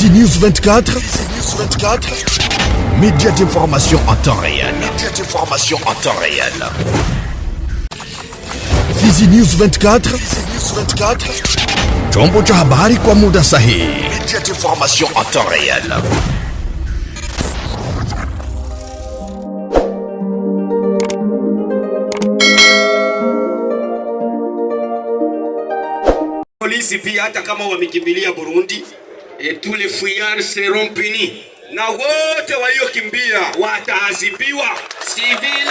Easy News 24. Easy News 24. Média d'information en temps réel. Média d'information en temps réel. Easy News 24. Easy News 24. Chombo cha habari kwa muda sahihi. Média d'information en temps réel. Polisi pia hata kama wamekimbilia Burundi et tous les fuyards seront punis, na wote waliokimbia wataadhibiwa. Civil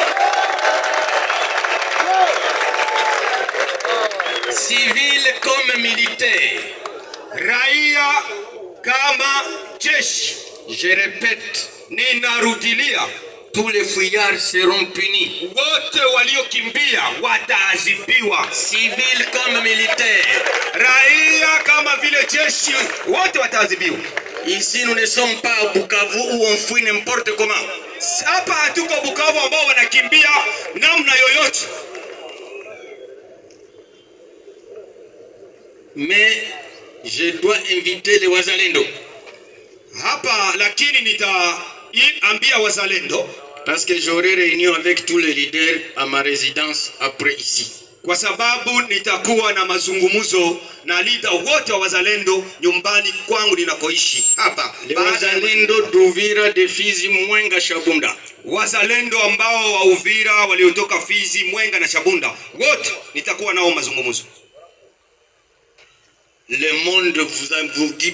civil comme militaire, raia kama jeshi. Je répète, ninarudilia Tous les fuyards seront punis. Wote waliokimbia wataadhibiwa, civil comme militaire, raia kama vile jeshi, wote wataadhibiwa. Ici nous ne sommes pas Bukavu où on fuit n'importe comment. Hapa hatuko Bukavu ambao wanakimbia namna yoyote. Mais je dois inviter les wazalendo hapa, lakini nitaambia wazalendo Parce que j'aurai réunion avec tous les leaders à ma résidence après ici. Kwa sababu nitakuwa na mazungumzo na leader wote wa wazalendo nyumbani kwangu ninakoishi hapa. Wazalendo Duvira de Fizi, Mwenga, Shabunda. Wazalendo ambao wa Uvira waliotoka Fizi, Mwenga na Shabunda wote nitakuwa nao mazungumzo. Le monde vous dit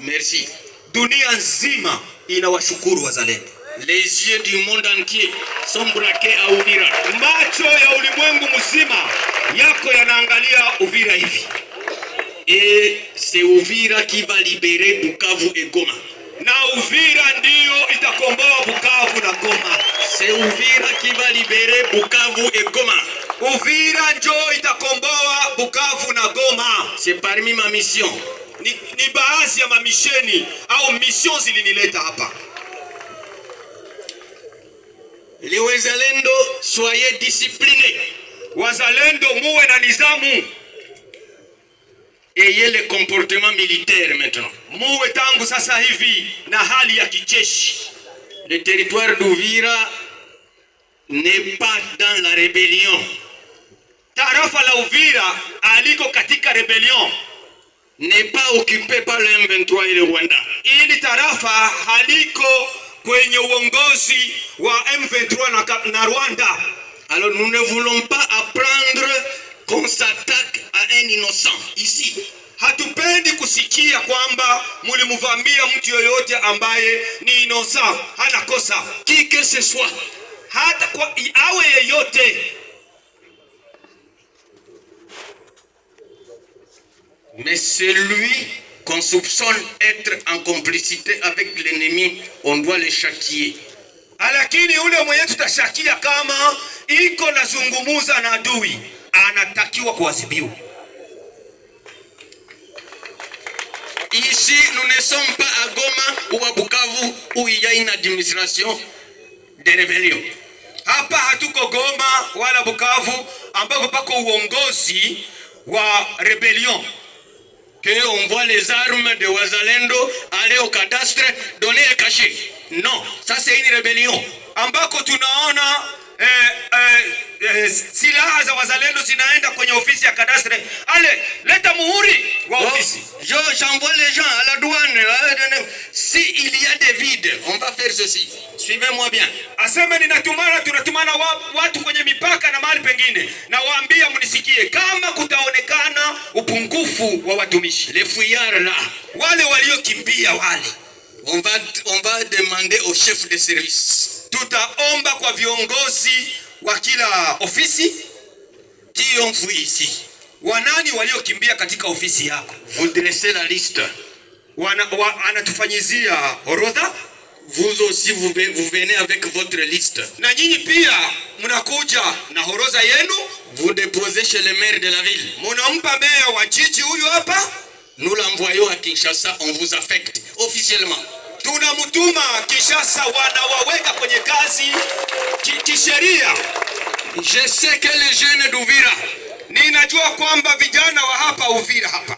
merci. Dunia nzima inawashukuru wazalendo. Les yeux du monde entier sont braqués à Uvira. Macho ya ulimwengu mzima yako yanaangalia Uvira hivi. Et c'est Uvira qui va libérer Bukavu et Goma. Na Uvira ndio itakomboa Bukavu na Goma. C'est Uvira qui va libérer Bukavu et Goma. Uvira njo itakomboa Bukavu na Goma. C'est parmi ma mission. Ni, ni baadhi ya mamisheni au mission zilinileta hapa ili wezalendo soye discipline, wazalendo muwe na nizamu, eye le comportement militaire maintenant, muwe tangu sasa hivi na hali ya kijeshi. Le territoire d'Uvira n'est pas dans la rébellion. Tarafa la Uvira aliko katika rebellion n'est pas occupé par le M23 et le Rwanda. Ili tarafa haliko kwenye uongozi wa M23 na, na Rwanda. Alors nous ne voulons pas apprendre qu'on s'attaque à un innocent ici. Hatupendi kusikia kwamba mulimuvamia mtu yoyote ambaye ni innocent, hana kosa kike seswa, hata kwa awe yeyote. Mais celui qu'on soupçonne être en complicité avec l'ennemi, on doit les châtier. Ah, lakini ule mwenye tutashakia kama iko nazungumuza na adui anatakiwa kuadhibiwa. Ici, nous ne sommes pas à Goma ou à Bukavu où il y a une administration de rébellion. Hapa hatuko Goma wala Bukavu ambako pako uongozi wa rebellion qu'on voit les armes de wazalendo aller au cadastre, donner le cachet. Non, ça c'est une rébellion ambako tunaona eh, eh, eh, silaha za wazalendo zinaenda kwenye ofisi ya cadastre. Ale, leta muhuri wa ofisi. Je, j'envoie les gens à la douane là si il y a des vides, on va faire ceci. Suivez-moi bien. Aseme ninatumana tunatumana watu kwenye mipaka na mahali pengine, na waambia mnisikie, kama kutaonekana upungufu wa watumishi, les fuyards la wale waliokimbia wale, on va on va demander au chef de service, tutaomba kwa viongozi wa kila ofisi qui ont fui ici, wanani waliokimbia katika ofisi yako, vous dressez la liste anatufanyizia orodha vous aussi vous, venez avec votre liste, na nyinyi pia mnakuja na horoza yenu, vous déposez chez le maire de la ville, munampa meya wa jiji huyu hapa, nous l'envoyons à Kinshasa, on vous affecte officiellement tunamtuma Kinshasa, wanawaweka kwenye kazi kisheria. Je sais que les jeunes d'Uvira, ninajua kwamba vijana wa hapa Uvira hapa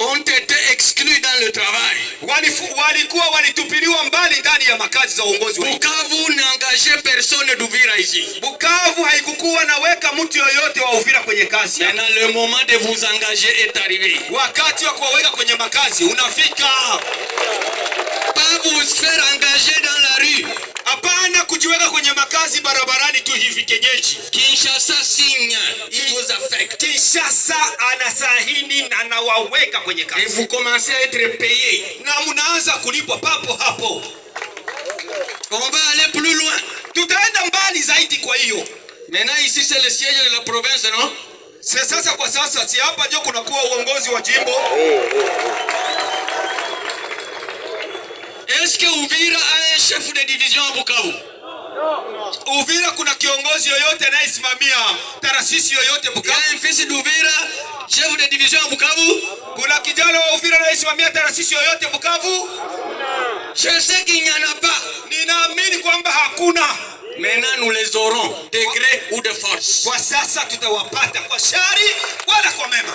walifu, walikuwa walitupiliwa mbali ndani ya makazi za uongozi wa Bukavu. N'engage personne d'Uvira ici. Bukavu haikukuwa naweka mtu yoyote wa Uvira kwenye kazi. Na le moment de vous engager est arrivé. Wakati wa kuwaweka kwenye makazi unafika. Pas vous faire engager dans la rue. Hapana kujiweka kwenye makazi barabarani tu hivi kenyeji. Kinshasa signe. Il vous affecte. Kinshasa anasahini na anawaweka kwenye kazi. Et vous commencez à être payé. Na mnaanza kulipwa papo hapo. On va aller plus loin. Tutaenda mbali zaidi kwa hiyo. Maintenant ici c'est le siège de la province, non? Sasa kwa sasa si hapa ndio kuna kuwa uongozi wa jimbo. Est-ce que Uvira a un chef de division à Bukavu? Non. Uvira kuna kiongozi yoyote anayesimamia taasisi yoyote Bukavu. Yaani Fisi Duvira, chef de division ya Bukavu. Kuna kijana wa Uvira anayesimamia taasisi yoyote Bukavu? Ninaamini kwamba hakuna. Mena nous les aurons degré ou de force. Kwa sasa tutawapata kwa shari wala kwa mema.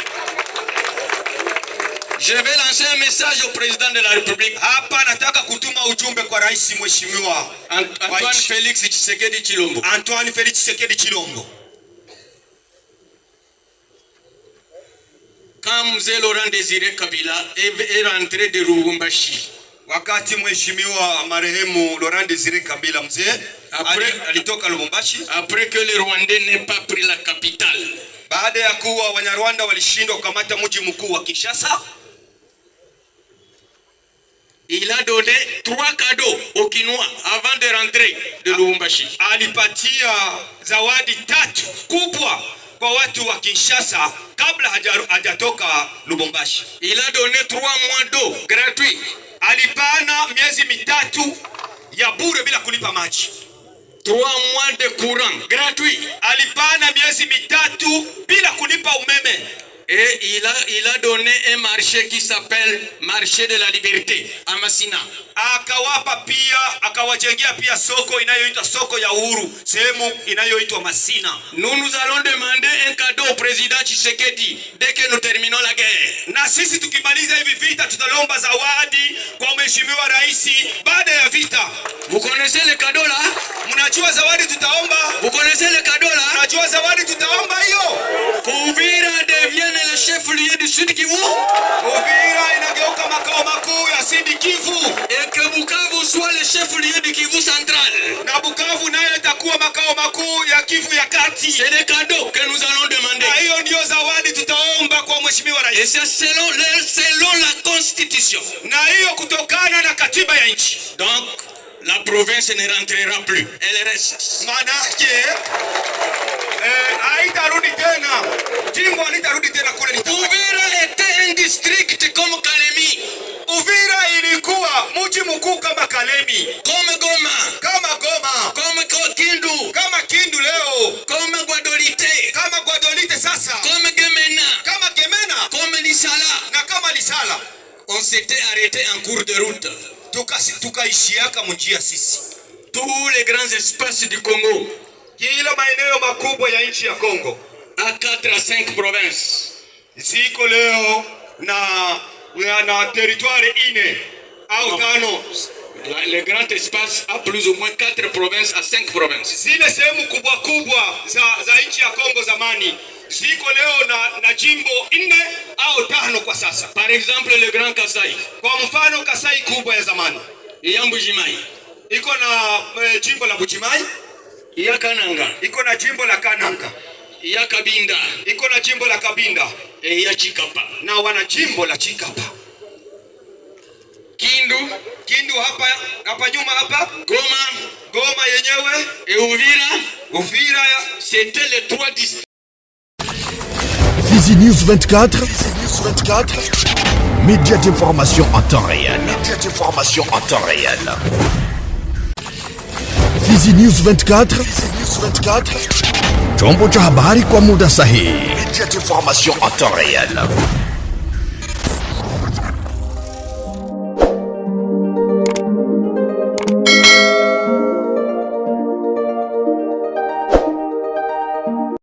Je vais lancer un message au président de la République. Hapa nataka kutuma ujumbe kwa Rais Mheshimiwa Antoine Félix Tshisekedi Chilombo. Antoine Félix Tshisekedi Chilombo. quand ah, mzee Laurent Desire Kabila est rentré de Lubumbashi, wakati mheshimiwa marehemu Laurent Desire Kabila mzee alitoka Lubumbashi, après que le Rwandais n'aient pas pris la capitale, baada ya kuwa Wanyarwanda walishindwa kukamata mji mkuu wa Kinshasa, Il a donné trois cadeaux au Kinois avant de rentrer de ah, Lubumbashi. Alipatia zawadi tatu kubwa kwa watu wa Kinshasa kabla hajatoka Lubumbashi. Il a donné 3 mois d'eau gratuit. Alipana miezi mitatu ya bure bila kulipa maji. 3 mois de courant gratuit. Alipana miezi mitatu Et il a, il a donné un marché qui s'appelle marché de la liberté Amasina. Akawapa pia pia soko inayoitwa soko ya uhuru, sehemu inayoitwa Masina. Nous nous allons demander un cadeau au président Tshisekedi dès que nous terminons la guerre. Na sisi tukimaliza hivi vita tutalomba zawadi kwa mheshimiwa rais baada ya vita. Vous connaissez le cadeau là? Mnajua zawadi tutaomba? Vous connaissez le cadeau là? Mnajua zawadi tutaomba hiyo? Kuvira chef lieu du Sud Kivu. Uvira inageuka makao makuu ya Sud Kivu. Eke Bukavu soit le chef lieu du Kivu central. Na Bukavu nayo itakuwa makao makuu ya Kivu ya kati. C'est le cadeau que nous allons demander. Na hiyo ndio zawadi tutaomba kwa mheshimiwa rais. Et c'est selon, selon la constitution. Na hiyo kutokana na katiba ya nchi. Donc la province ne rentrera plus, elle reste. Manake eh, haitarudi tena jimbo halitarudi tena kule. Uvira était un district comme Kalemi. Uvira ilikuwa mji mkuu kama Kalemi, kama Goma, kama Goma, kama Kindu, kama Kindu leo, kama Guadolite, kama Guadolite sasa, kama Gemena, kama Gemena, kama Lisala na kama Lisala. On s'était arrêté en cours de route tukaishiaka mjia sisi tous les grands espaces du Congo, kila maeneo makubwa ya nchi ya Congo a 4 a 5 provinces ziko leo na, na, na territoire ine au tano le grand espace a plus ou moins 4 provinces à 5 provinces, zile sehemu kubwa kubwa za, za nchi ya zamani ziko leo na, na jimbo nne au tano kwa sasa. Par exemple le Grand Kasai, kwa mfano Kasai kubwa ya zamani ya Mbujimayi iko na e, jimbo la Mbujimayi ya Kananga iko na jimbo la Kananga ya Kabinda iko na jimbo la Kabinda e, ya Chikapa na wana jimbo la Chikapa. Kindu Kindu hapa hapa nyuma hapa Goma Goma yenyewe e, Uvira Uvira ya c'était les trois districts Visi News 24. DC News 24. Média d'information en temps réel. Média d'information en temps réel. Visi News 24. DC News 24. Chombo cha habari Sahi. Média en temps réel.